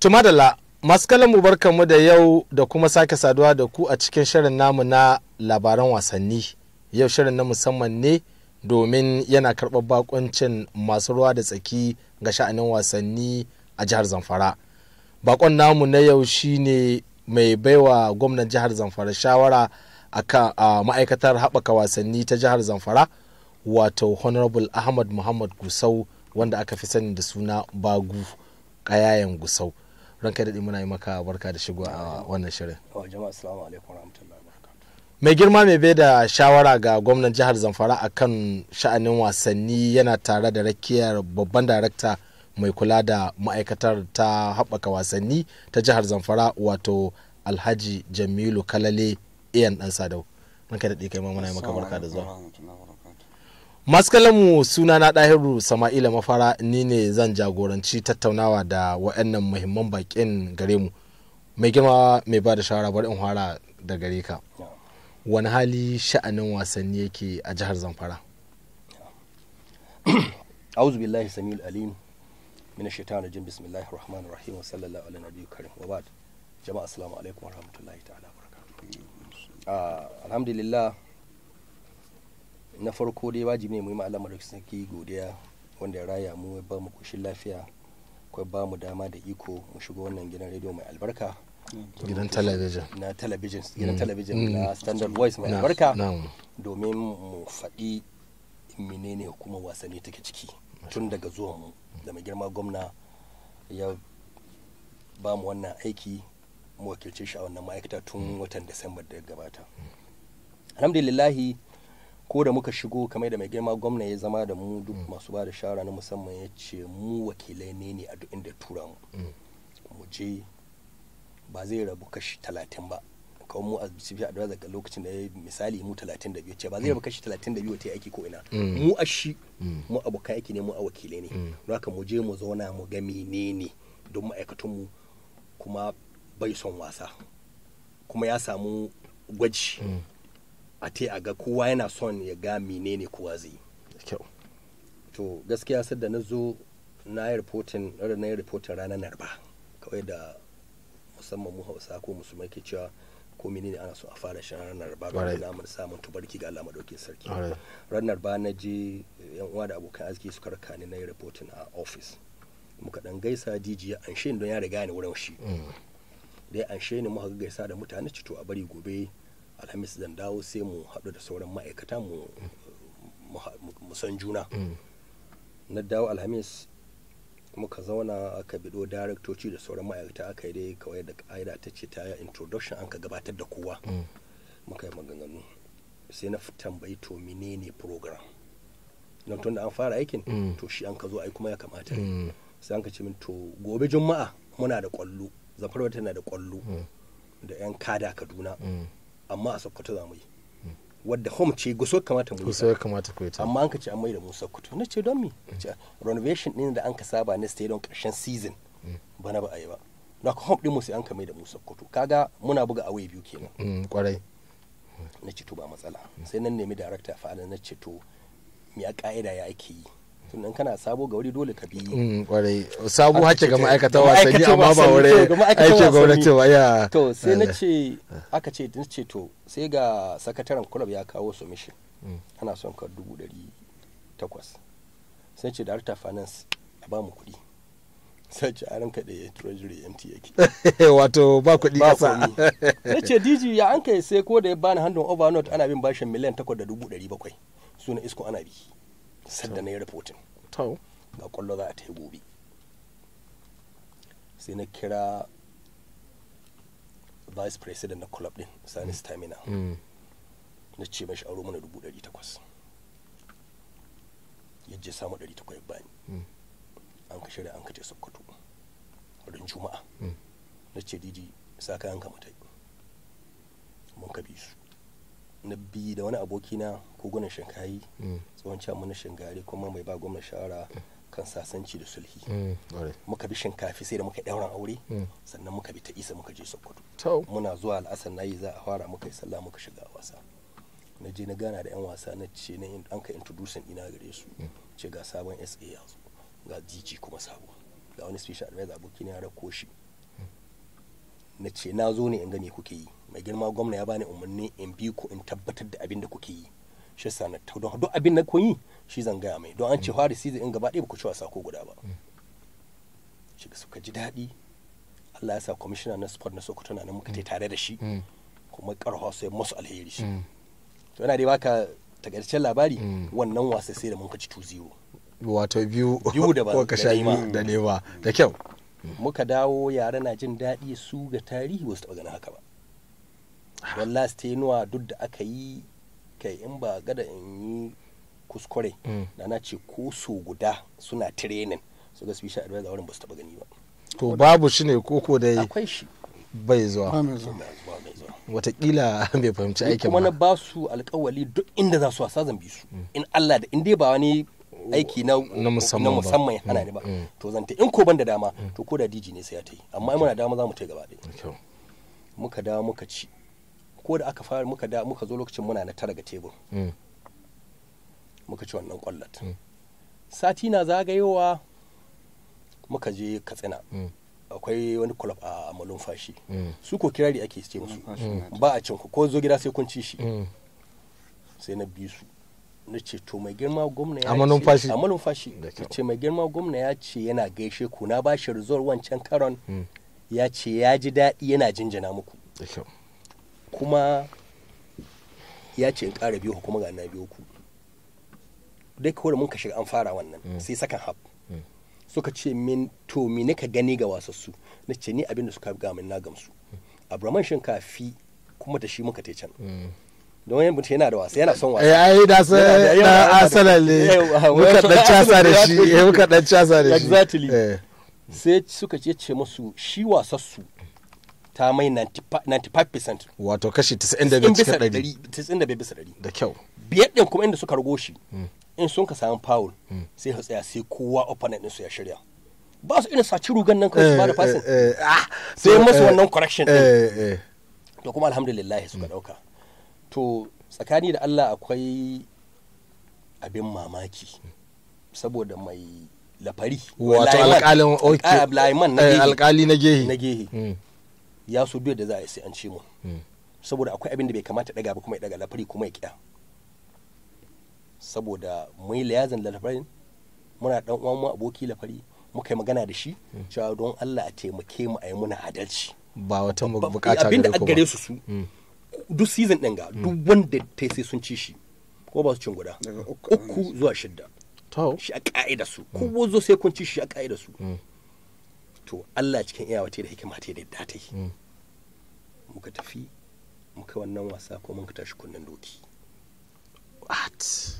tumadala masu kallon mu da yau da kuma sake saduwa da ku a cikin shirin namu na labaran wasanni yau shirin na musamman ne domin yana karɓar bakoncin masu ruwa da tsaki ga sha'anin wasanni a jihar zamfara bakon namu na yau shi ne mai baiwa gwamnan jihar zamfara shawara a ma'aikatar haɓaka wasanni ta jihar zamfara wato honorable ahmad muhammad gusau wanda aka fi sani da suna bagu ƙayayen gusau ranka daɗi muna yi maka barka da shigo a wannan shirin mai girma mai bai da shawara ga gwamnan jihar zamfara a kan sha'anin wasanni yana tare da rakiyar babban darakta mai kula da ma'aikatar ta haɓaka wasanni ta jihar zamfara wato alhaji jamilu kalale iyan ɗan sadau ranka daɗi kai ma muna yi maka barka da zuwa maskalanmu suna na ɗahiru sama'ila mafara ni ne zan jagoranci tattaunawa da wa'annan muhimman bakin gare mu mai girma mai ba da shawara bari in fara da gare ka wani hali sha'anin wasanni yake a jihar zamfara auzu billahi samil alim min shaitan rajim bismillahir rahman rahim wa sallallahu ala nabiyyi karim wa ba'd jama'a assalamu alaikum wa rahmatullahi ta'ala wa barakatuh ah, alhamdulillah na farko dai wajibi ne mu yi ma Allah sarki godiya wanda ya raya mu ya ba mu koshin lafiya kuma ba mu dama da iko mu shiga wannan gidan rediyo mai albarka gidan talabijin na talabijin gidan mm. talabijin na mm. standard voice mai albarka domin mu faɗi menene hukumar wasanni take ciki tun daga zuwa mu da mai girma gwamna ya ba mu wannan aiki mu wakilce shi a wannan ma'aikata tun mm. watan disamba da ya gabata alhamdulillahi ko da muka shigo kamar da mai girma gwamna ya zama da mu duk mm. masu ba da shawara na musamman ya ce mu wakilai ne ne a duk inda tura mu mm. mu je ba zai rabu kashi talatin ba kawai mu a bisibi a daga lokacin da ya misali mu talatin da biyu ce ba zai mm. rabu kashi talatin da biyu ta aiki ko ina mu a shi mu abokan aiki ne mu a wakilai ne don haka mu je mu zauna mu ga menene don mu kuma bai son wasa kuma ya samu gwaji a te a ga kowa yana son ya ga menene kowa zai kyau to gaskiya sadda na zo na yi reporting na yi reporting ranar narba kawai da musamman mu hausa ko musulmai ke cewa ko menene ana so a fara shan ranar narba ba da namun samun tubarki ga Allah madaukin sarki ranar ba na je yan uwa da abokan arziki suka raka ni na yi reporting a office muka dan gaisa DJ an shi don ya riga ni wurin shi mm. dai an shi ne muka gaisa da mutane ci to a bari gobe alhamis zan dawo sai mu haɗu da sauran ma'aikata mu san juna mm. na dawo alhamis muka zauna aka bido daraktoci da sauran ma'aikata aka yi dai kawai da kaida ta ce ta introduction an ka gabatar da kowa mm. muka yi maganganu sai na tambayi to menene program don tun da an fara aikin mm. to shi an ka zo ai kuma ya kamata sai an ka ce min to gobe juma'a muna da kwallo zafarwa tana da kwallo da yan kada kaduna amma a sokoto za mu yi wadda home ce guso kamata mu yi kamata ku yi amma an ka ce an mai da mu sokoto na ce don mi renovation din da an ka saba ne stadium karshen season bana ba a yi ba na ka home din mu sai an ka mai da mu sokoto kaga muna buga away biyu kenan kwarai mm, na ce to ba matsala sai nan nemi director fa'ala na ce to me a ka'ida ya ake yi tunan kana sabo ga wuri dole ka bi mm, kwarai sabo hacce ga ma'aikatan wasanni amma ba wuri aikin gwamnati ba ya to sai na eh. ce aka ce din ce to sai ga sakataren club ya kawo mishi mm. ana son ka dubu ɗari takwas sai ce director finance a ba mu kuɗi sai ce a ranka da treasury mt yake wato ba kuɗi kasa na ce dj ya an kai sai ko da ya bani handon overnote ana bin bashin miliyan takwas da dubu ɗari bakwai suna isko ana bi sadda na yi rahoton ga kwallo za a ta yi gobe sai na kira vice president na club din sani mm. stamina mm. na ce mashi aro mana dubu ɗari takwas yadda samu ɗari takwas bani mm. an ka shirya an ka ce sokoto Wurin juma'a na ce didi sa kayan ka mutai mun ka bi su na bi da wani abokina kogunan shinkayi tsohon mm. camunan shingari kuma mai ba gwamna shawara mm. kan sasanci da sulhi mm. muka bi shinkafi sai da muka ɗauran aure sannan muka bi ta isa muka je sokoto muna zuwa al'asar nayi za a fara muka yi sallah muka shiga wasa na je na gana da yan wasa na ce na an ka introducing ina gare su ce ga sabon sa ga gg kuma sabo ga wani special advisor na ya rako shi na ce na zo ne in gani kuke yi mai girma gwamna ya bani umarni in bi ku in tabbatar da abin da kuke yi shi sa na don duk abin na kun yi shi zan gaya mai don an ce fara season in gaba ɗaya ba ku ci wasa ko guda ba mm. shi suka ji daɗi Allah ya sa kwamishina na sport na Sokoto na nan muka tai mm. tare da shi mm. kuma karho sai musu alheri shi to yana dai baka takaitaccen labari wannan wasa sai da mun ka ci 2-0 wato biyu da ba da ne ba da kyau muka dawo yare na jin daɗi su ga tarihi wasu taɓa ganin haka ba don last tenuwa duk da aka yi kai in ba gada in yi kuskure mm. da na ce ko so guda suna training su ga special advisor wurin ba su taɓa gani ba to babu shi ne ko ko dai akwai shi bai zuwa watakila bai fahimci aikin ba kuma na ba su alkawali duk inda za su wasa zan bi su mm. in Allah da in dai ba wani aiki na musamman hana ni ba mm. to zan in ko ban da dama mm. to ko da diji ne sai ya ta yi amma in muna dama za mu ta gaba muka dawo muka ci ko da aka fara muka da muka zo lokacin muna na tara ga tebur mm. muka ci wannan kwallat sati na zagayowa muka je katsina akwai wani club a Fashi. su ko kirari ake ce musu ba a cin ko zo gida sai kun ci shi sai na bi su na ce to mai girma gwamna ya ce a manufashi na ce mai girma gwamna ya ce yana gaishe ku na ba shi rizuwar wancan karon hmm. ya ce ya ji daɗi yana jinjina muku kuma ya ce in ƙara biyu kuma ga na biyu ku dai kawai mun ka shiga an fara wannan hmm. sai sakan hab hmm. suka ce min to mi nika gani ga wasassu na ce ni abin da suka ga min na gamsu abraman shinkafi kuma da shi muka te can don yin mutu yana da wasa yana son wasa eh ai da su da asalan ne muka dan casa da shi eh muka dan casa da shi exactly eh. sai suka ce ce musu shi wasassu su ta mai 95% wato kashi 95 cikin 95 bisa da kyau biyar din kuma inda suka rago shi hmm. in sun ka samu foul hmm. sai su tsaya sai kowa opponent din su ya shirya ba su irin saci rugan nan kawai su ba da eh, passing eh, ah, sai masu wannan correction din to kuma alhamdulillah suka dauka hmm. to tsakani da allah akwai abin mamaki saboda mai lafari wato alƙalin eh, alƙali na gehe na gehe hmm. ya so da za a yi sai an ce mu hmm. saboda akwai abin da bai kamata daga ba kuma ya daga lafari kuma ya kiya saboda mun yi da lafarin muna dan uwan mu aboki lafari muka yi magana da shi hmm. cewa don Allah a taimake mu a yi muna adalci ba wata bukata abin da aggare su su duk season din ga duk mm. wanda ta sai sun ci shi ko ba su cin guda uku zuwa shidda shi a ka'ida su ko mm. zo sai kun ci shi a ka'ida su mm. to Allah cikin iyawa ta da hikima ta da ta yi muka tafi muka wannan wasa ko mun tashi kunnen doki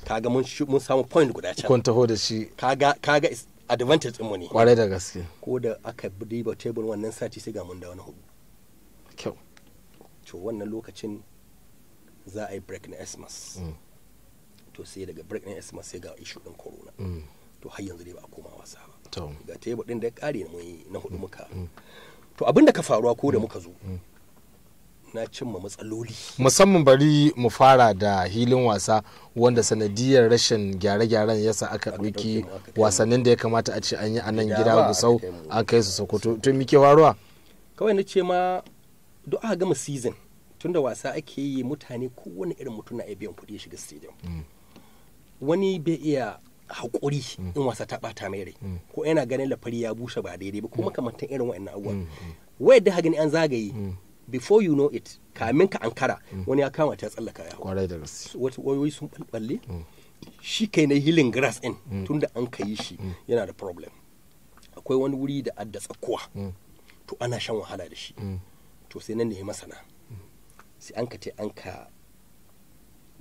kaga mun mun samu point guda can kun taho da shi kaga kaga advantage din mu ne kware da gaske ko da aka bi table wannan sati sai ga mun da wani hudu kyau to wannan lokacin za a yi break na esmas mm. to sai daga break na esmas sai ga ishu din corona mm. to har yanzu dai ba a koma wasa ba ga tebur din da ya kare na hudu mm. muka to abin da ka faruwa ko da muka zo na cimma matsaloli musamman bari mu fara da hilin wasa wanda sanadiyar rashin gyare-gyaren yasa aka ɗauki wasannin da ya kamata a ce an yi a nan gida gusau an kai su sokoto tun mike faruwa kawai na ce ma duk aka gama season tunda wasa ake yi mutane kowane irin mutum na biyan kuɗi shiga stadium wani bai iya haƙuri in wasa ta ɓata mai rai ko yana ganin lafari ya bushe ba daidai ba ko makamantan irin na abuwa Wai da hagani an zagaye before you know it kamin ka ankara wani ya kama ta tsallaka ya kwarai da wayoyi sun balballe shi kai na healing grass in tunda an ka yi shi yana da problem akwai wani wuri da adda tsakuwa to ana shan wahala da shi to sai nan ne masana sai an ka ce an ka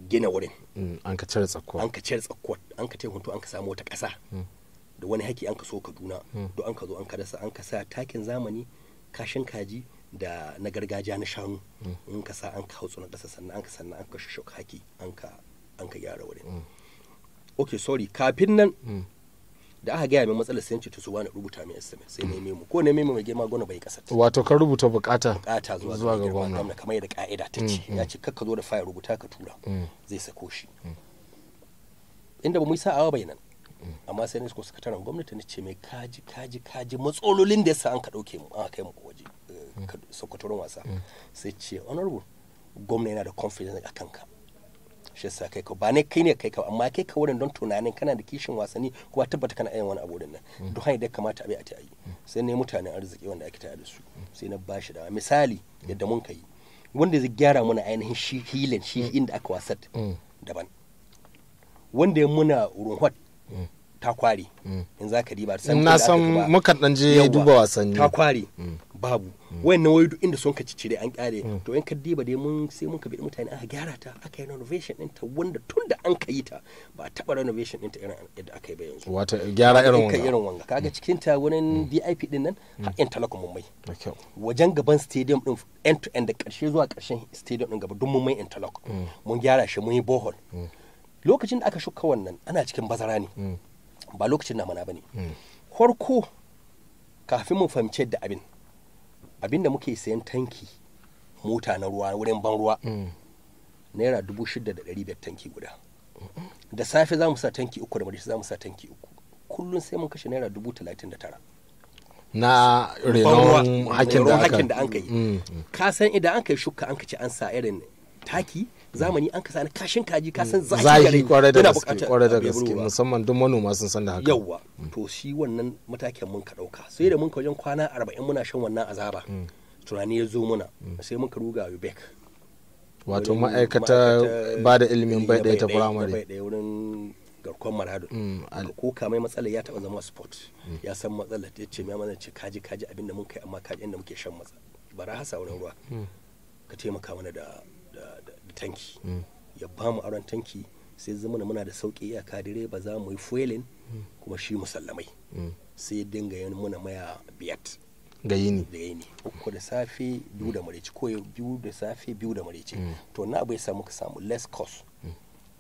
gina wurin an ka cire tsakko an ka cire tsakko an ka te hunto an ka samu wata ƙasa da wani haki an ka so kaduna don an ka zo an ka dasa an ka sa takin zamani kashin kaji da na gargajiya na shanu in ka sa an ka hau na ƙasa sannan an ka sannan an ka shashok haki an ka gyara wurin ok sorry kafin nan da aka gaya min matsalar sai ta to su wani rubuta min sms sai neme mu ko neme mu mai girma gona bai kasar wato ka rubuta bukata bukata zuwa ga gwamna kamar yadda ka'ida ta ce mm, mm. ya ce kakka zo da fayar rubuta ka tura mm. zai sako shi inda ba mu yi sa'awa bai nan amma sai ne ko tara gwamnati ne ce mai kaji kaji kaji matsalolin da yasa an ka dauke mu an kai mu waje eh, sokotoron wasa sai ce honorable gwamna yana da confidence akan ka shi yasa kai ka ba ne kai ne kai ka amma kai ka wurin don tunanin kana da kishin wasanni kuma tabbata kana yin wani abu wurin nan mm. duk hanyar da kamata a bi a ta yi sai ne mutanen arziki wanda ake tare da su mm. sai na ba shi da misali yadda mun kai wanda zai gyara mana ainihin shi hilin shi mm. inda aka wasat daban wanda ya muna runhwat ta kware in za ka diba na san mukan dan je duba wasanni ta kware babu mm. wayannan wayo duk inda sun ka cicire an kyale mm. to in ka diba dai mun sai mun ka bi mutane aka gyara ta aka yi renovation din ta wanda tun da an ka yi ta ba a taba renovation din ta irin yadda aka yi ba yanzu wata gyara irin wanga irin wanga kaga mm. cikin ta wurin VIP din nan har in talaka mun mai wajen gaban stadium din end to end da karshe zuwa karshen stadium din gaba duk mun mai interlock mun gyara shi mun yi borehole lokacin da aka shuka wannan ana cikin bazara ne ba lokacin namana ba ne farko kafin mu fahimci da abin Abin da muke sayan tanki mota na ruwa wurin ban ruwa mm. naira dubu shida da ɗari biyar tanki guda da safe za mu sa tanki uku da marishi za mu sa tanki uku kullum sai mun kashe naira dubu talatin da tara na renon hakin da an kai mm, mm. ka san idan an kai shuka an kaci an sa irin taki zamani an ka sani kashin kaji ka san mm. zahiri kwarai da gaske kwarai da gaske musamman duk manoma sun san da haka yawa mm. to shi wannan matakin mun ka dauka sai da mun ka wajen kwana 40 muna shan wannan azaba mm. tunani ya zo muna sai mun ka ruga Ubek wato ma'aikata ba da ilimin bai ɗaya ta firamare garkon marado ko mai matsalar ya taɓa zama sport ya san matsalar ta ce mana ce kaji kaji abinda mun kai amma kaji inda muke shan matsa bara hasa wurin ruwa ka taimaka mana da tanki ya ba mu aron tanki sai zama muna da sauƙi a kadire ba za mu yi fuelin kuma shi musallamai sai dinga yin muna maya biyat da yini da yini uku da safe biyu da mareci ko biyu da safe biyu da mareci mm. to na abu ya samu ka samu less cost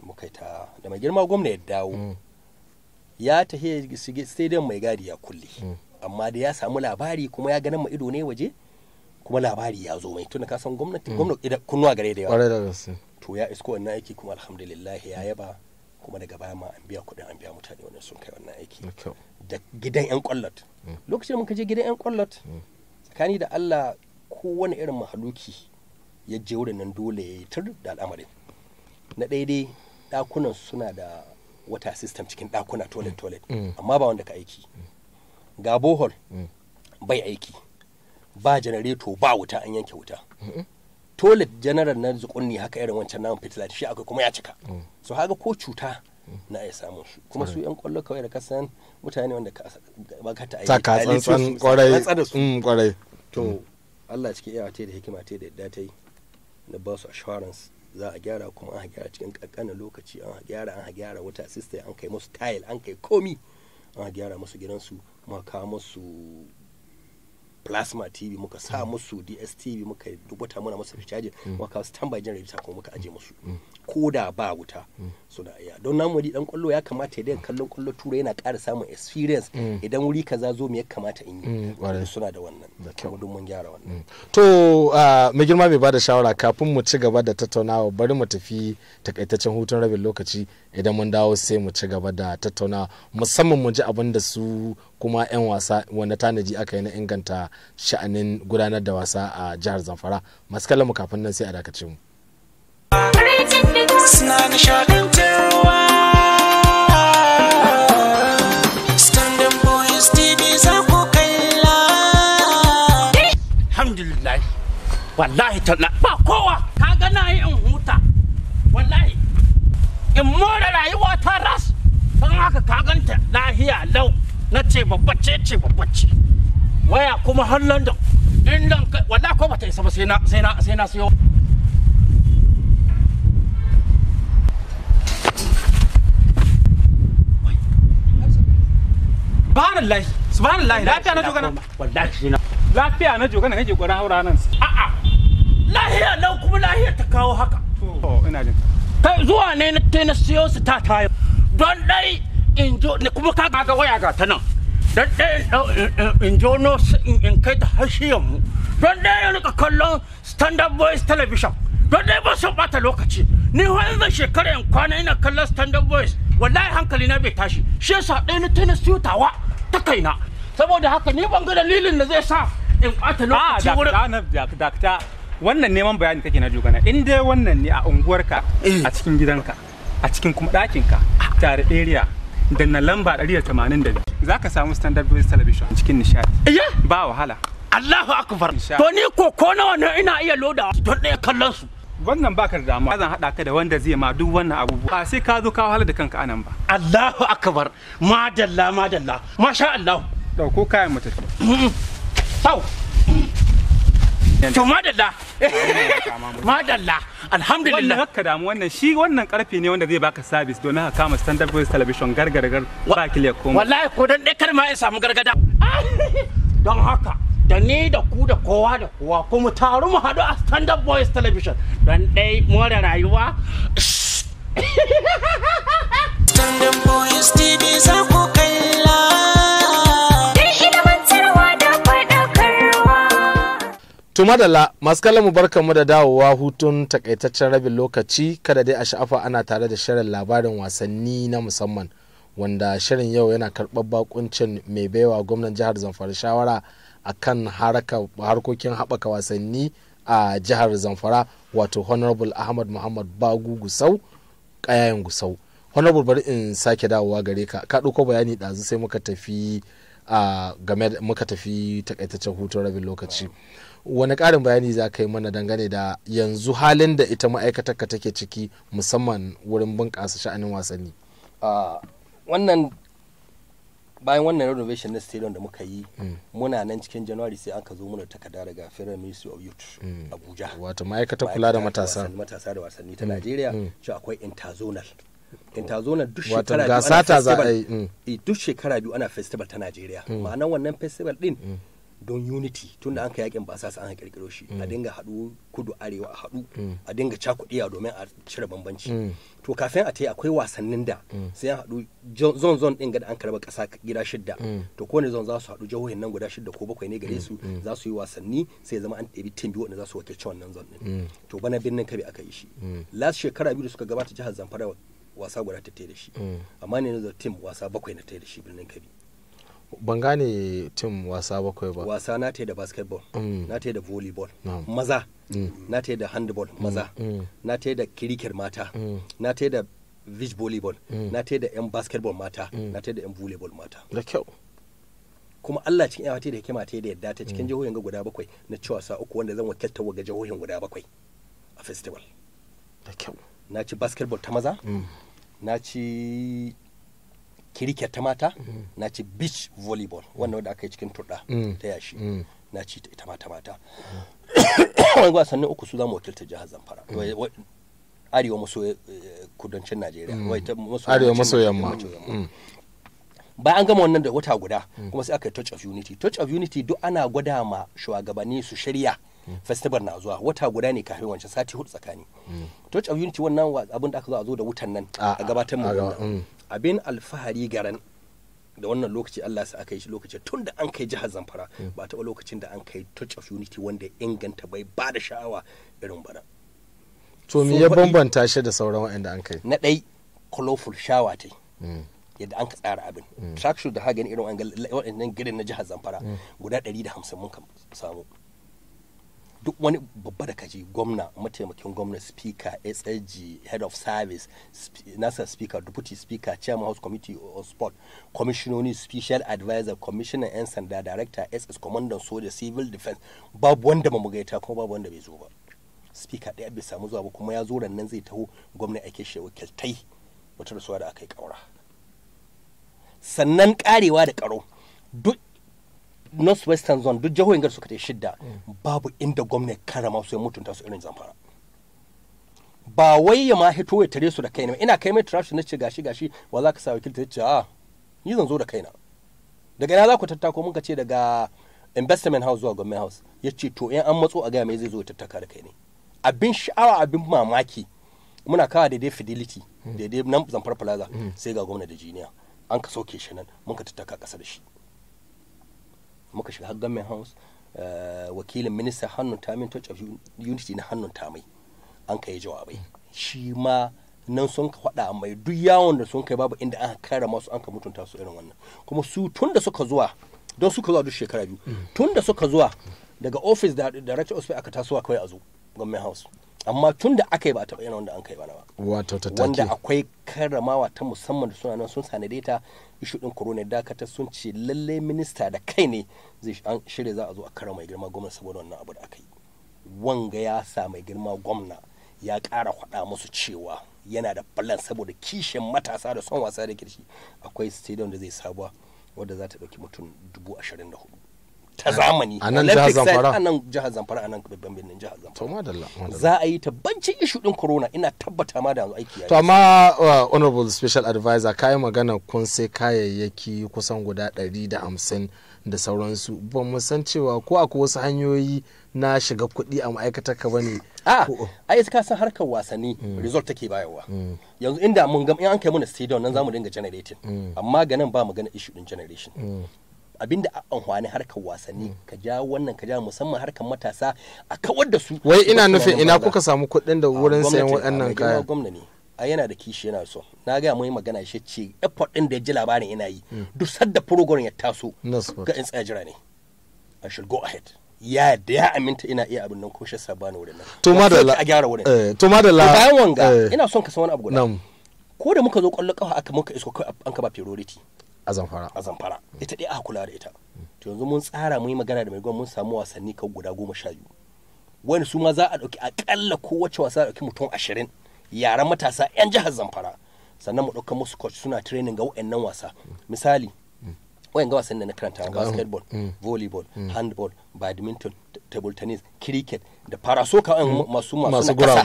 mu kai ta da mai girma gwamna ya dawo mm. ya tafi stadium mai gadi ya kulle mm. amma da ya samu labari kuma ya ganin ma ido ne waje kuma labari ya zo mai tunda kasan san gwamnati mm. gwamnati idan kunnuwa gare da yawa to ya isko wannan aiki kuma alhamdulillah ya yaba kuma daga baya ma an biya kuɗin an biya mutane wannan sun kai wannan aiki da gidan yan kwallot mm. lokacin mun je gidan yan kwallot mm. tsakani da Allah kowane irin mahaluki ya je wurin nan dole ya yi tur da al'amarin na ɗaya dai ɗakunan suna da wata system cikin ɗakuna toilet toilet amma ba wanda ka aiki ga bohol bai aiki ba janareto ba wuta an yanke wuta toilet janaral na zukunni haka irin wancan namun fitila shi akwai kuma ya cika mm. so haka ko cuta mm. na iya samun shi kuma su yan kwallo kawai da kasan mutane wanda ka baka ta aiki tsantsan kwarai mm, kwarai to Allah cikin da hikima ta da yadda ta yi na assurance za a gyara kuma an gyara cikin kankanin lokaci an gyara an gyara wata sista an kai musu tile an kai komi an gyara musu gidansu kuma kawo musu plasma tv muka sa mm. musu dstv muka rubuta muna musu recharging mm. muka su standby generator kuma muka aje musu mm. ko da ba wuta so da iya don namu dan kwallo ya kamata idan kallon kwallo tura yana ƙara samun experience idan wuri kaza zo me ya kamata in yi suna da wannan kuma duk mun gyara wannan to mai girma bai bada shawara kafin mu ci gaba da tattaunawa bari mu tafi takaitaccen hutun rabin lokaci idan mun dawo sai mu ci gaba da tattaunawa musamman mu ji abin da su kuma 'yan wasa wanda tanaji aka yi na inganta sha'anin gudanar da wasa a jihar zamfara masu kallon kafin nan sai a dakace mu wallahi talla ba kowa ka ga na yi in huta wallahi in more rayuwa ta ras don haka ka ganta lahiya lau na ce babba ce ce babba ce waya kuma har london in nan wallahi ko bata isa ba sai na sai na sai na siyo subhanallahi subhanallahi lafiya na jogana wallahi shi na lafiya na jogana nake koran haura nan a'a lahiya nan kuma lahiya ta kawo haka to ina jin kai zuwa ne na siyo su ta tayo don dai in jo kuma ka ga waya ga ta nan dan ɗaya in jo no in kai ta hashiyar mu don ɗaya ya rika kallon standard voice television don dai ba su bata lokaci ni wani zan shekara in kwana ina kallon standard voice wallahi hankali na bai tashi shi yasa ɗaya na tana sutawa ta kaina saboda haka ni ban ga dalilin da zai sa in bata lokaci ah, wurin dakta wannan neman bayani kake na jogana in dai wannan ne a unguwarka eh. a cikin gidanka a cikin kuma ɗakinka ah. tare area da na lamba 182 za ka samu standard voice television cikin nishadi iya ba wahala Allahu akbar to ni ko ko nawa ne ina iya loda don ɗaya kallon su wannan baka da damuwa zan haɗa ka da wanda zai ma duk wannan abubuwa sai ka zo ka wahala da kanka anan ba Allahu akbar madalla madalla masha Allah dauko kayan mu tafi sau to madalla madalla alhamdulillah wannan haka damu wannan shi wannan karfe ne wanda zai baka service domin haka kama standard voice television gargargar ba kiliya komai wallahi ko dan dai kar ma ya samu gargada don haka da ni da ku da kowa da kowa ko mu taru mu haɗu a standard voice television don dai more rayuwa standard voice tv za ku kai To madalla masu kallon mu mu da dawowa hutun takaitaccen rabin lokaci kada dai a sha'afa ana tare da shirin labarin wasanni na musamman wanda shirin yau yana karɓar bakuncin mai baiwa gwamnan jihar Zamfara shawara akan harkokin haɓaka wasanni a jihar Zamfara wato Honorable Ahmad Muhammad Bagu Gusau ƙayayen Gusau. Honorable bari in sake dawowa gare ka ka ɗauko bayani ɗazu sai muka tafi a game muka tafi takaitaccen hutun rabin lokaci wani karin bayani za ka yi mana dangane da yanzu halin da ita ma'aikatar ka take ciki musamman wurin bunƙasa sha'anin wasanni wannan bayan wannan renovation na stadium da muka yi mm. muna nan cikin january sai aka zo muna takarda daga federal ministry of youth mm. abuja wato ma'aikatar kula da matasa matasa da wasanni ta mm. najeriya cewa akwai interzonal in duk shekara biyu ana festival mm. eh, duk shekara biyu ana festival ta najeriya mm. ma'ana wannan festival din mm. don unity tun da an ka yakin basasa an kirkiro shi a dinga haɗu kudu arewa a haɗu a dinga cakuɗiya domin a cire bambanci to kafin a ta yi akwai wasannin da sai an haɗu zon zon ɗin da an karba kasa gida shidda to kowane zon za su haɗu jihohin nan guda shidda ko bakwai ne gare su za su yi wasanni sai zama an ɗebi tim biyu za su wakilci wannan zon ɗin to bana birnin kabi aka yi shi last shekara biyu da suka gabata jihar zamfara wasa guda ta da shi mm. amma ne da tim wasa bakwai na da shi birnin kabi ban gane tim wasa bakwai ba wasa na ta da basketball mm. na ta da volleyball maza mm. na ta da handball maza na ta da kirikir mata na ta da beach volleyball na ta da yan basketball mata na ta da yan volleyball mata da kyau kuma Allah cikin yawa da hikima ta da yadda ta cikin jihohin ga guda bakwai na cewa sa uku wanda zan wakilta ga jihohin guda bakwai a festival da kyau na ci basketball ta maza mm. na ci cricket ta mata mm. na ci beach volleyball wannan wanda aka yi cikin turda mm. ta yashi na ci ita mata mata wani wasannin uku su zamu wakiltar jihar zamfara arewa maso eh, kudancin najeriya arewa maso yamma bayan an gama wannan da wata guda kuma sai aka yi touch of unity touch of unity duk ana gwada ma shugabanni su shirya festival na zuwa wata guda ne kafin wancan sati hudu tsakani church of unity wannan abin da aka zo a zo da wutan nan ah, a gabatar mu mm. abin alfahari garan da wannan lokaci Allah sa aka yi shi lokaci tun da an kai jihar Zamfara mm. ba taɓa lokacin da an kai Touch of Unity wanda ya inganta bai ba da sha'awa irin bana. To me ya bambanta shi da sauran waɗanda an kai? Na ɗai colorful shawa tai mm. yadda an ka tsara abin. Track shoot da gani irin waɗannan gidan na jihar Zamfara guda 150 mun samu. duk wani babba da kaji gwamna mataimakin gwamna speaker ssg head of service nasa speaker deputy speaker chairman house committee on sport commissioner special advisor commissioner yan sanda director ss commandant soja civil defense babu wanda mu gaita kuma babu wanda bai zo ba speaker ɗaya bai samu zuwa kuma ya zo nan zai taho gwamna ake shi wakiltai wata rasuwa da aka yi kaura sannan karewa da karo duk northwestern zone duk jihohin gar suka ta shidda babu inda gwamnati karama su ya mutunta su irin zamfara ba wai ya ma hito ya tare su da kaina ina kai mai trash na ce gashi gashi wa za ka sa ta ce a ni zan zo da kaina daga ina za ku tattako mun ka ce daga investment house zuwa government house ya ce to in an matso a gaya mai zai zo ya tattaka da kai ne abin sha'awa abin mamaki muna kawa daidai fidelity hmm. daidai nan zamfar plaza hmm. sai ga gwamnati da jiniya an ka sauke shi nan mun ka tattaka kasa da shi muka shiga government house eh, wakilin minista hannun tamin touch of unity na hannun tamai an kai jawabai shi ma nan sun ka faɗa mai duk yawon da sun kai babu inda an kare masu an ka mutunta su irin wannan kuma su tun da suka zuwa don suka zuwa duk shekara biyu mm. tun da suka zuwa daga office da director office aka tasowa kawai a zo government house amma tun da aka yi ba a taɓa yana wanda an kai bana ba wato wanda akwai karramawa ta musamman da suna nan sun sanadeta. ishu din ne dakatar sun ce lalle minista da kai ne zai an shirya za a zo a kara mai girma gwamna saboda wannan abu da aka yi wanga ya sa mai girma gwamna ya kara faɗa musu cewa yana da ballan saboda kishin matasa da son wasa da kirshi akwai stadium da zai sabuwa wadda za ta ɗauki mutum dubu ashirin da hudu ta zamani a nan jihar zamfara a nan jihar zamfara a nan babban birnin jihar zamfara za a yi ta ishu din corona ina tabbata ma da aiki to amma uh, honorable special advisor kai magana kun sai kayayyaki kusan guda 150 da sauransu ba mu san cewa ko akwai wasu hanyoyi na shiga kuɗi a ma'aikatar ka bane a ah, a yi san harkar wasanni mm. result take bayarwa mm. yanzu inda mun ga in an kai mana stadium nan zamu mm. dinga generating amma ganin ba magana issue din generation abinda a amfani harkar wasanni mm. ka ja wannan ka ja musamman harkar matasa a kawar da su wai ina nufin ina kuka samu kuɗin da wurin sayan waɗannan kaya gwamna ne a yana da kishi yana so na ga mai magana shi ce effort din da ya ji labarin ina yi mm. duk sadda program ya taso ga in tsaya jira ne i should go ahead ya da ya aminta ina iya abin nan ko shi sabani wurin nan to madalla a gyara wurin eh, to madalla bayan wanga eh. ina son ka san wani abu guda ko da muka zo kwallo kafa aka muka isko an ka ba priority a zamfara a zamfara ita dai aka kula da ita to yanzu mun tsara mu yi magana da mai mun samu wasanni kan guda goma sha biyu wani su ma za a ɗauki akalla kowace wasa a ɗauki mutum ashirin yaran matasa 'yan jihar zamfara sannan mu ɗauka musu coach suna training ga wa'annan wasa misali wayan ga wasan da na karanta basketball hmm. volleyball hmm. handball badminton table tennis cricket da parasoka hmm. masu masu na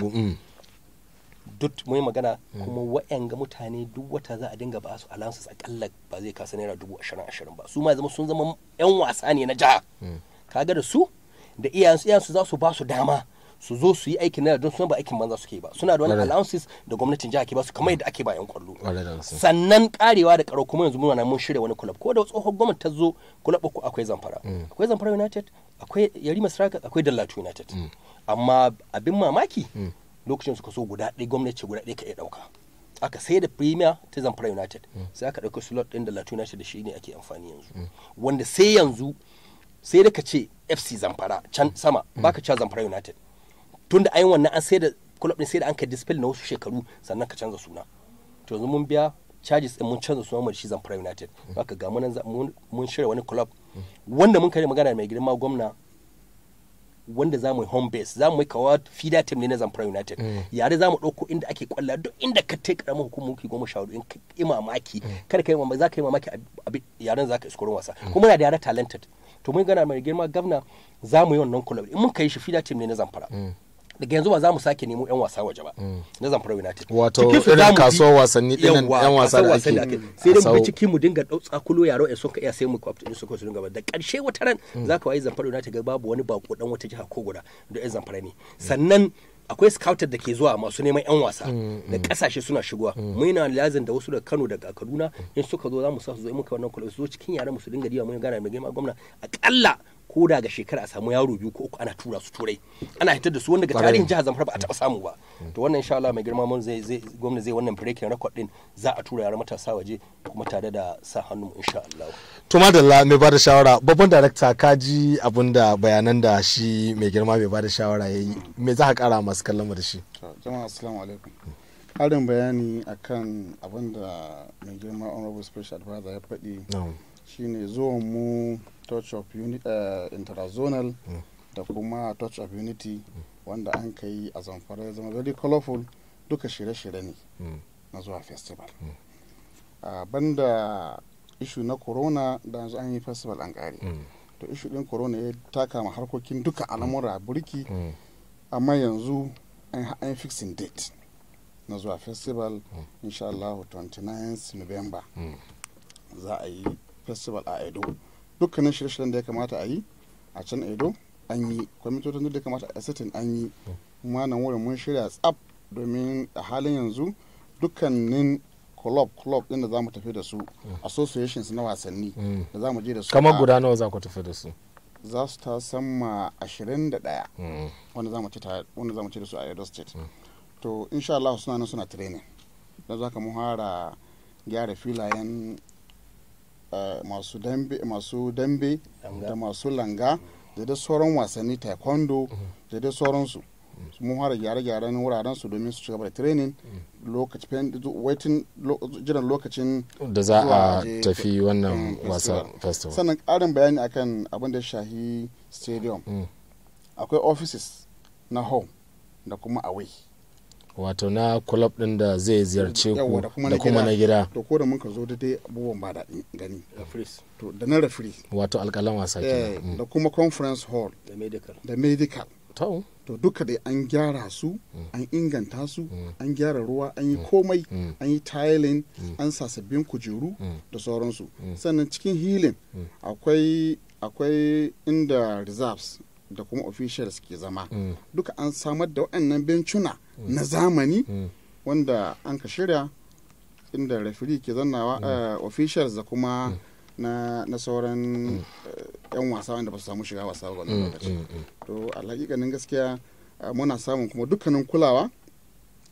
duk yi magana hmm. kuma wa'yanga mutane duk wata za a dinga ba su allowances akalla ba zai kasa naira dubu ashirin ashirin ba su ma zama sun zama yan wasa ne na jiha hmm. kaga da su da iyayensu iyayensu za su ba su dama su zo su yi aikin naira don suna ba aikin banza suke ba suna da wani allowances da gwamnatin jiha ke ba su kamar yadda ake bayan kwallo sannan karewa da karo kuma yanzu muna mun shirya wani kulab ko da tsohon gwamnati ta zo kulab uku akwai zamfara hmm. akwai zamfara united akwai yarima saraka akwai dallatu united amma abin mamaki lokacin suka so guda ɗaya gwamnati guda ɗaya ka iya ɗauka aka sai da premier ta zamfara united mm. sai aka ɗauki slot ɗin da latu united da shi ne ake amfani yanzu mm. wanda sai yanzu sai da ka ce fc zamfara can sama mm. baka cewa zamfara united tun da ayin wannan an sai da club ɗin sai da an ka dispel na wasu shekaru sannan ka canza suna to yanzu mun biya charges ɗin mun canza suna mu shi zamfara united baka ga mun shirya wani club wanda mun kare magana mai girma gwamna wanda za mu yi home base za mu yi kawo fida team ne na zamfara united mm. yare za mu ɗauko inda ake kwalla duk inda ka ta ƙaramin hukumar muke goma sha hudu in ka yi mamaki mm. kada ka yi mamaki za ka yi mamaki yaren za ka iskorin wasa mm. kuma na da yare talented to mun gana mai girma gwamna za mu yi wannan club in mun yi shi fida team ne na zamfara daga yanzu ba za mu sake nemo yan wasa waje ba mm. na zamfara united wato irin kasuwar wasanni din yan wasa da ake sai dai mu ciki mu dinga dautsa kulo yaro in suka iya sai mu kwafta su ko su dinga ba da karshe wata ran mm. Za ka wayi zamfara united ga babu wani bako dan wata jiha ko guda da yan zamfara ne sannan akwai scouter da ke zuwa masu neman 'yan wasa mm, da kasashe suna shigowa mu yana lazin da wasu da Kano daga Kaduna in suka zo za mu sa su zo in muka wannan kula su zo cikin yaran mu su dinga diwa mun gana mai girma gwamnati akalla ko da ga shekara a samu yaro biyu ko uku ana tura su turai ana hitar da su wanda ga tarihin jihar zamfara ba a taba samu ba mm. to wannan insha Allah mai girma mun zai zai gwamnati zai wannan breaking record din za a tura yaran matasa waje kuma tare da sa hannu insha Allah to madalla mai bada shawara babban director kaji abinda bayanan da shi mai girma mai bada shawara yayi me za ka kara masu kallon mu da shi jama'a assalamu alaikum karin bayani akan abinda mai girma honorable special advisor ya faɗi shine zuwan mu touch of unity uh, eh, interzonal mm. da kuma touch of unity wanda an ka yi a zamfara ya zama very colorful duka shirye-shirye ne na zuwa festival uh, banda ishu na corona da yanzu an yi festival an kare to ishu din corona ya taka ma harkokin duka al'amura burki amma yanzu an fixing date na zuwa festival insha Allah 29 November za a yi festival a Edo dukkanin shirye-shiryen da ya kamata a yi a can edo an yi kwamitocin da ya kamata a sitin an yi kuma nan wurin mun shirya tsaf domin a halin yanzu dukkanin club club din da zamu tafi da su associations na wasanni da mu je da su kamar guda nawa za ku tafi da su za su ta sama 21 mm. wanda za mu ci da su a edo state mm. to insha Allah suna nan suna training don za ka muhara gyara filayen Eh, masu dambe da masu langa da da sauran wasanni taekwondo mm-hmm. da da sauransu mun fara gyare-gyaren wuraren su domin su ci gaba da training mm-hmm. lokacin jiran lokacin da za a tafi wannan mm, wasa festival sannan karin bayani akan abin da shahi stadium mm. akwai offices na home da kuma away wato na club din da zai ziyarce ku da kuma na gida to ko da muka zo da dai abubuwan ba daɗi gani to da na referee wato alƙalan wasa eh, mm. da kuma conference hall da medical da medical to to duka dai an gyara su mm. an inganta su mm. an gyara ruwa an yi komai an yi tiling an sa sabbin kujeru da sauransu sannan cikin healing akwai akwai inda reserves da kuma officials ke zama mm. duka an samar da waɗannan bencuna mm. na zamani mm. wanda an ka shirya inda referee ke zannawa eh, officials da kuma na sauran eh, yan wasa wanda ba su samu shiga wasa ba lokaci to gaskiya eh, muna samun kuma dukkanin kulawa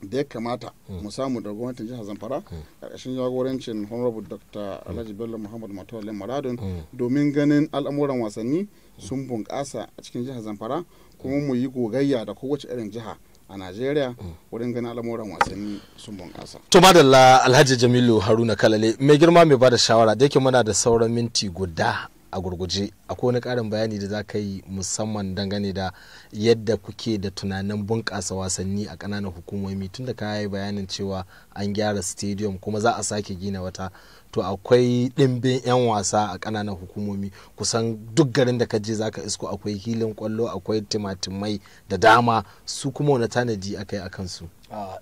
da ya kamata mu samu daga gwamnatin jihar zamfara ƙarshen jagorancin honorable dr alhaji bello muhammad matawalin maradun domin ganin al'amuran wasanni sun bunƙasa a cikin jihar zamfara kuma mu yi gogayya da kowace irin jiha a najeriya wurin ganin al'amuran wasanni sun bunƙasa. to madalla alhaji jamilu haruna kalale mai girma mai bada shawara da yake muna da sauran minti guda a gurguje akwai wani karin bayani da za ka yi musamman dangane da yadda kuke da tunanin bunƙasa wasanni a ƙananan hukumomi tun da ka yi bayanin cewa an gyara stadium kuma za a sake gina wata to akwai ɗimbin 'yan wasa a ƙananan hukumomi kusan duk garin da ka je ka isko akwai hilin kwallo akwai timatimai da dama su kuma wani tanadi akai yi a kansu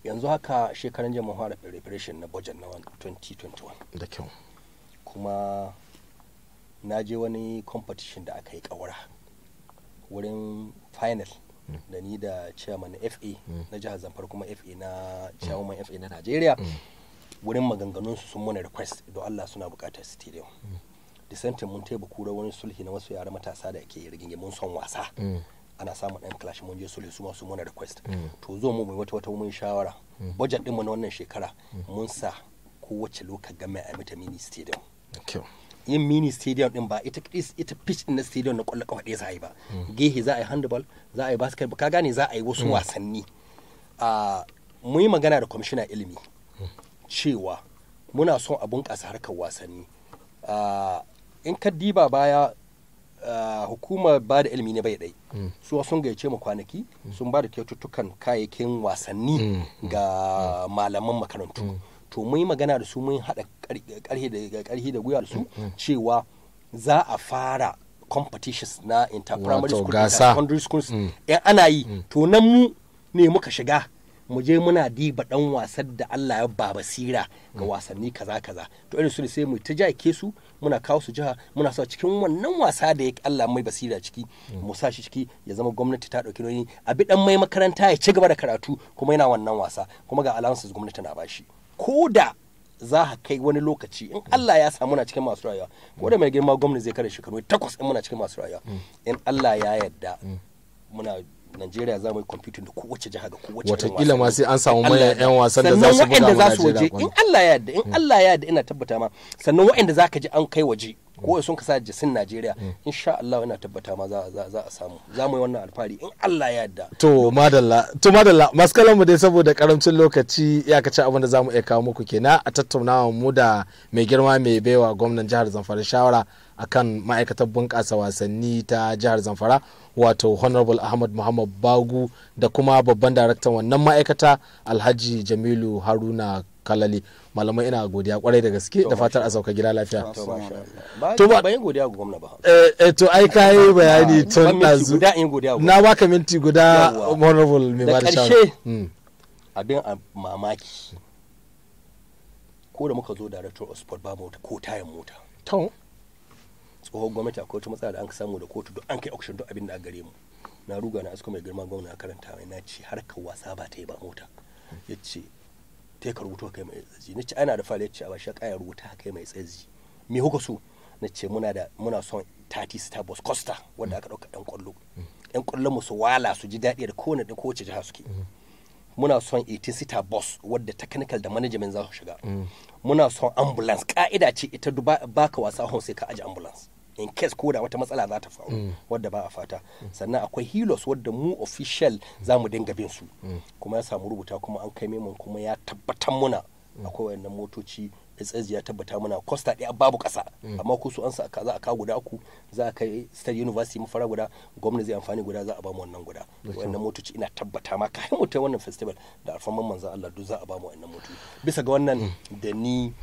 yanzu haka shekaran jama'a preparation na budget na 2021 da kyau kuma na je wani competition da aka yi kawara wurin final da ni da chairman fa na jihar zamfara kuma fa na chairman fa na nigeria wurin maganganun su sun mana request don allah suna bukatar stadium disentin mun taiba kura wani sulhi na wasu yara matasa da ke rigingi mun son wasa ana samun dan clash mun je sulhi su masu mana request to zo mu mai wata wata mun shawara budget din mu na wannan shekara mun sa kowace lokacin game a mita mini stadium yin mini stadium din ba ita ita pitch din na stadium na kwallo kafa ba gehe za a yi handball za a yi basketball ka gane za a yi wasu hmm. wasanni a mu yi magana da kwamishina ilimi cewa muna son a bunƙasa harkar wasanni in ka diba baya hukumar ba da ilimi ne bai ɗai hmm. su sun gayyace mu kwanaki hmm. sun ba da kyaututtukan kayayyakin wasanni ga malaman makarantu to mun yi magana da su mun haɗa ƙarhi da gwiwa da su mm, mm. cewa za a fara competitions na interprimary school da secondary schools yan mm. ana yi to nan mu ne muka shiga mu je muna diba dan wasan da Allah ya ba basira ga wasanni kaza kaza to irin su ne sai mu ta ke su muna kawo su jiha muna sa cikin wannan wasa da ya Allah mai basira ciki mu sa shi ciki ya zama gwamnati ta dauki nauyi abi dan mai makaranta ya ci gaba da karatu kuma yana wannan wasa kuma ga allowances gwamnati na bashi ko da za a kai wani lokaci in mm. Allah ya samu na cikin masu rayuwa ko da mm. mai girma gwamnati zai kare shekaru takwas in muna cikin masu rayuwa mm. in Allah ya yarda muna Najeriya za mu yi computing da kowace jiha da kowace watakila ma sai an samu manyan yan wasan da za su buga za su waje in Allah ya yarda in mm. Allah ya yarda ina tabbata ma sannan waɗanda za ka ji an kai waje mm. ko sun ka kasa jisin Najeriya mm. insha Allah ina tabbata ma za a samu za mu yi wannan alfahari in Allah ya yarda to madalla to madalla maskalan mu dai saboda karamcin lokaci ya kace abin da za mu iya kawo muku kenan a tattaunawa mu da mai girma mai baiwa gwamnan jihar Zamfara shawara akan ma'aikatar bunƙasa wasanni ta jihar zamfara wato honorable ahmad muhammad bagu da kuma babban daraktan wannan ma'aikata alhaji jamilu haruna kalali malamai ina godiya kwarai da gaske da fatar a sauka gida lafiya to ba bayan godiya ga gwamna ba eh, eh to ai kai bayani tun dazu na ba ka minti guda honorable mai ba da karshe hmm. abin mamaki ko da muka zo director of sport ba mota ko tayar mota to tsohon gwamnati akwai wata matsala da an samu da kotu duk an kai auction duk abin da a gare mu na ruga na asko mai girman gwamna karanta mai na ce harkar wasa ba ta yi ba mota ya ce ta ka rubuta kai mai tsazi na ce ana da fara ya ce a bashi kaya rubuta kai mai tsazi me huka su na ce muna da muna son 30 star bus costa wanda aka dauka dan kwallo yan kwallon mu su wala su ji daɗi da kowane da kowace jiha suke muna son 18 sita bus wadda technical da management za su shiga mm. muna son ambulance ka'ida ce ita baka wasa hon sai ka aji ambulance in case ko da wata matsala za ta faru mm. wadda ba a fata sannan akwai hilos wadda mu official za mu dinga bin su mm. kuma ya samu rubuta kuma an kai memun kuma ya tabbatar muna mm. akwai wayannan motoci SS ya tabbata muna Costa ɗaya babu ƙasa amma ku su an sa za a kawo guda uku za a kai State University mafara guda gwamnati zai amfani guda za a bamu wannan guda wannan motoci ina tabbata ma kai mu ta wannan festival da alfaman manzo Allah duk za a bamu wannan motoci bisa ga wannan da ni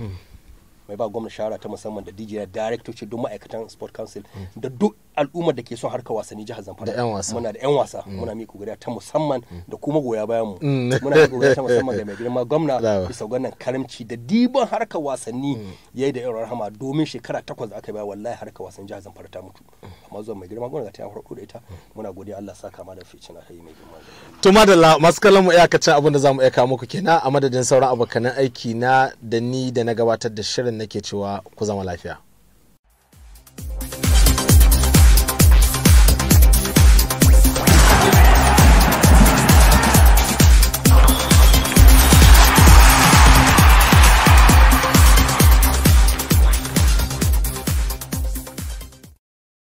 mai ba gwamnati shawara ta musamman da dj director ce duk ma'aikatan sport council da duk al'ummar da ke son harkar wasanni jihar Zamfara. Da 'yan wasa. Muna da 'yan wasa mm. muna miƙa godiya ta musamman mm. da kuma goya bayan mu. Mm. Muna miƙa godiya ta musamman ga mai girma gwamna bisa wannan karamci da diban harkar wasanni yayi da irin rahama domin shekara takwas da aka baya wallahi harkar wasanni jihar Zamfara ta mutu. Amma zuwa mai girma gwamna ta yi farko da ita muna godiya Allah saka kama da fice na kai mai girma. To madalla masu kallon mu iyakacin abin da zamu iya kawo muku kenan a madadin sauran abokanan aiki na da ni da na gabatar da shirin nake cewa ku zama lafiya.